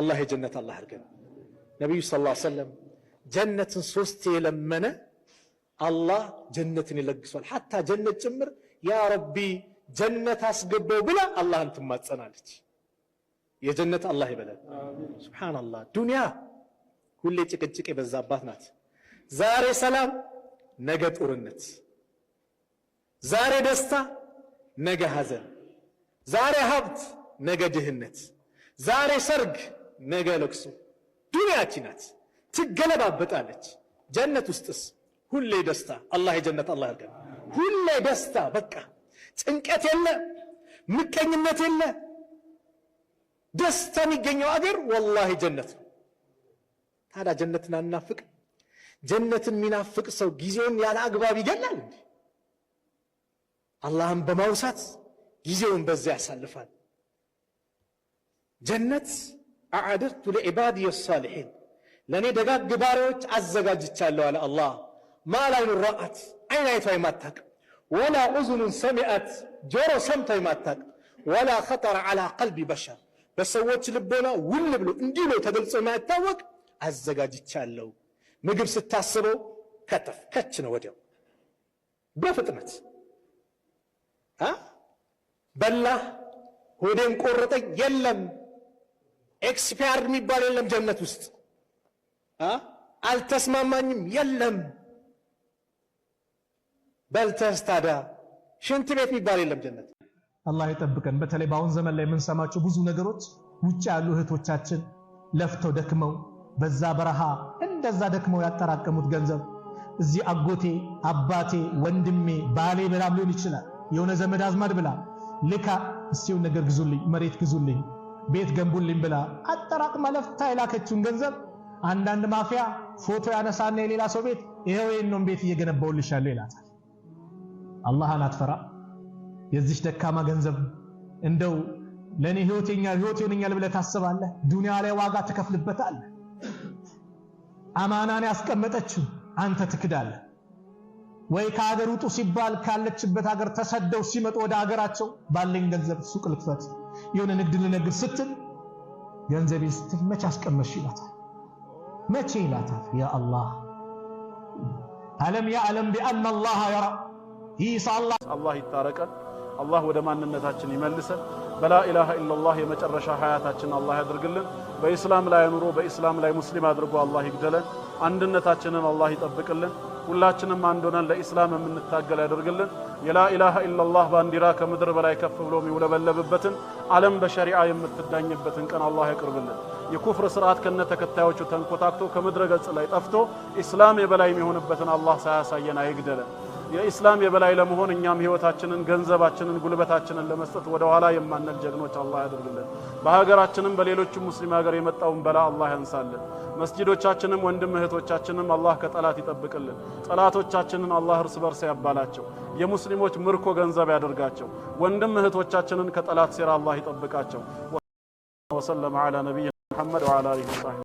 አላህ የጀነት አላህ አድርገን። ነቢዩ ሰለላሁ ዐለይሂ ወሰለም ጀነትን ሶስት የለመነ አላህ ጀነትን ይለግሷል። ሐታ ጀነት ጭምር ያ ረቢ ጀነት አስገባው ብላ አላህን ትማጸናለች። የጀነት አላህ ይበለን። ሱብሓነላህ። ዱንያ ሁሌ ጭቅጭቅ የበዛባት ናት። ዛሬ ሰላም፣ ነገ ጦርነት፣ ዛሬ ደስታ፣ ነገ ሐዘን፣ ዛሬ ሀብት፣ ነገ ድህነት፣ ዛሬ ሰርግ ነገ ለቅሶ። ዱንያች ናት ትገለባበጣለች። ጀነት ውስጥስ ሁሌ ደስታ። አላህ የጀነት አላህ ያድርገን። ሁሌ ደስታ። በቃ ጭንቀት የለ፣ ምቀኝነት የለ። ደስታ የሚገኘው አገር ወላሂ ጀነት ነው። ታዲያ ጀነትን አናፍቅ? ጀነትን የሚናፍቅ ሰው ጊዜውን ያለ አግባብ ይገላል እንዴ? አላህን በማውሳት ጊዜውን በዚያ ያሳልፋል። ጀነት አዕድቱ ለዕባድየ ሳሊሒን ለእኔ ደጋግ ባሪያዎች አዘጋጅቻለሁ አለ አላህ ማላይኑ ረአት አይን አይቷ የማታቅ ወላ ኡዝኑን ሰሚአት ጆሮ ሰምታ የማታቅ ወላ ኸጠረ ዓላ ቀልቢ በሸር በሰዎች ልቦና ውል ብሎ እንዲህ ነው ተገልጾ የማይታወቅ አዘጋጅቻለሁ። ምግብ ስታስበው ከተፍ ከች ነው ወዲያው በፍጥነት በላህ ሆዴን ቆረጠኝ የለም ኤክስፓየር የሚባል የለም ጀነት ውስጥ አልተስማማኝም የለም። በልተስ ታዲያ ሽንት ቤት የሚባል የለም ጀነት። አላህ ይጠብቀን። በተለይ በአሁን ዘመን ላይ የምንሰማቸው ብዙ ነገሮች ውጭ ያሉ እህቶቻችን ለፍተው ደክመው በዛ በረሃ እንደዛ ደክመው ያጠራቀሙት ገንዘብ እዚህ አጎቴ፣ አባቴ፣ ወንድሜ፣ ባሌ ብላም ሊሆን ይችላል የሆነ ዘመድ አዝማድ ብላ ልካ እሲውን ነገር ግዙልኝ፣ መሬት ግዙልኝ ቤት ገንቡልኝ ብላ አጠራቅማ ለፍታ የላከችውን ገንዘብ አንዳንድ ማፊያ ፎቶ ያነሳና የሌላ ሰው ቤት ይሄው የነውን ቤት እየገነባውልሻለሁ ይላታል። አላህን አትፈራ? የዚች ደካማ ገንዘብ እንደው ለኔ ህይወቴኛ ህይወት ይሆነኛል ብለህ ታስባለህ? ዱንያ ላይ ዋጋ ትከፍልበታለህ። አማናን ያስቀመጠችው አንተ ትክዳለህ ወይ? ከሀገር ውጡ ሲባል ካለችበት ሀገር ተሰደው ሲመጡ ወደ ሀገራቸው ባለኝ ገንዘብ ሱቅ ልክፈት የሆነ ንግድ ልነግድ ስትል ገንዘቤ ስትል መቼ አስቀመሽ ይላታል። መቼ ይላታል። ያ አላህ አለም ያዕለም ቢአና አላህ የራ ይሳ አላህ ይታረቀን። አላህ ወደ ማንነታችን ይመልሰን። በላ ኢላሃ ኢለላህ የመጨረሻ ሀያታችን አላህ ያድርግልን። በኢስላም ላይ ኑሮ በኢስላም ላይ ሙስሊም አድርጎ አላህ ይግደለን። አንድነታችንን አላህ ይጠብቅልን። ሁላችንም አንድ ሆነን ለኢስላም የምንታገል ያደርግልን። የላኢላሃ ኢላላህ ባንዲራ ከምድር በላይ ከፍ ብሎ የሚውለበለብበትን ዓለም በሸሪዓ የምትዳኝበትን ቀን አላህ ያቅርብልን። የኩፍር ስርዓት ከነ ተከታዮቹ ተንኮታክቶ ከምድረ ገጽ ላይ ጠፍቶ ኢስላም የበላይ የሚሆንበትን አላህ ሳያሳየን አይግደለን። የኢስላም የበላይ ለመሆን እኛም ህይወታችንን፣ ገንዘባችንን፣ ጉልበታችንን ለመስጠት ወደ ኋላ የማንል ጀግኖች አላህ ያደርግልን። በሀገራችንም በሌሎችም ሙስሊም ሀገር የመጣውን በላ አላህ ያንሳልን። መስጂዶቻችንም ወንድም እህቶቻችንም አላህ ከጠላት ይጠብቅልን። ጠላቶቻችንን አላህ እርስ በርስ ያባላቸው። የሙስሊሞች ምርኮ ገንዘብ ያደርጋቸው። ወንድም እህቶቻችንን ከጠላት ሴራ አላህ ይጠብቃቸው። ወሰለም ዐላ ነቢይ መሐመድ ወዐላ አሊሂ